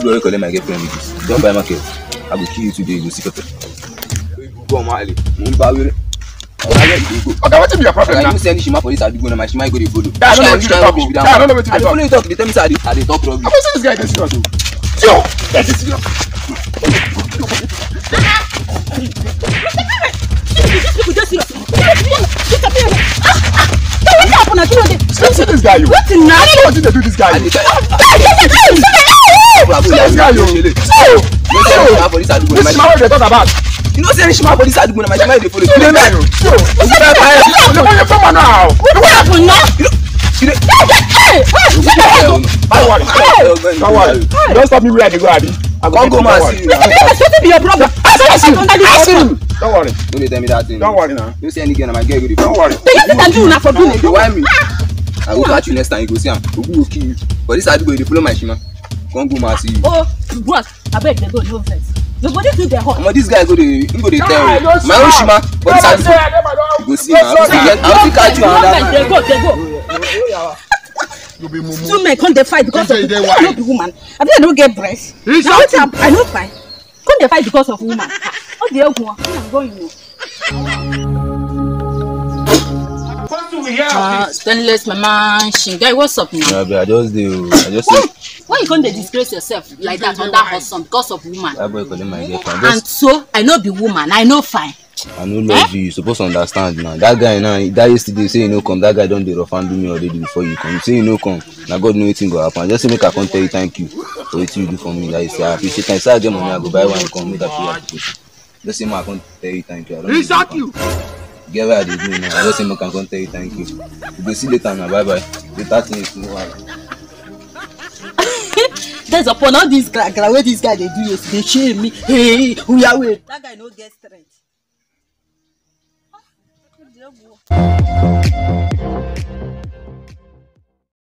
flori collect my girlfriend with this don buy market i go kill you today you go see pepper. oyibo ọmọ àlè mò ń bá wéré. oga wetin be your problem now. oga you send shima police adugo to my shima you go to follow. guy i no know wetin you dey talk o guy i no know wetin you dey talk. i dey follow you talk dey tell me say i dey talk rubbish. i mean say this guy dey serious o. yo dey serious. you see this guy you. what na. i don't know wetin dey do this guy you. see this guy you. so so this man wey dey talk about. you know say rich man for this adugun na my shima dey follow. you dey mind o. so you dey buy it. you dey buy it from now. wetin happen na. you dey. don't worry don't worry you don stop me where i dey go abi. come go man see you. wetin be your problem. ask him ask him. don't worry. no dey tell me that thing. don't worry na. you know say any girl na my girl go dey. don't worry. the young thing i do na for do. you whine me. I will catch you next time. You go see am. Ogu will kill you. But this Adigo, you dey follow my shima. Come go ma see you. Oh, work. Abeg dey go no vex. Your body fit dey hot. Omo this guy go dey him go dey tell me. My own shima. But this Adigo, you go see am. I will fit catch you another time. No dey go, dey go. you two men come dey fight because of woman i no be woman abi i no get breast na wetin i i no fine come dey fight because of woman no dey help one woman go you Uh, stainless mama shingai what's up now. Yeah, I just dey I just dey. why you come to disgrace yourself like that under husband because of woman. abeg kole my girlfriend. and so i know be woman i know fine. i no love eh? you you suppose understand now that guy now that yesterday say you no come that guy don't dey rough handle me already before you come say you no come na god know wetin go happen just say make i come tell you thank you for wetin you do for me like say i appreciate am say i get money i go buy one. come make i feel like just say make i come tell you thank you i don dey get where i dey do now i just say make i come tell you thank you we go see later na bye bye later things no wahala. thanks upon all this gra gra wey this guy dey do yesterday shame me hey oyawe. that guy no get strength.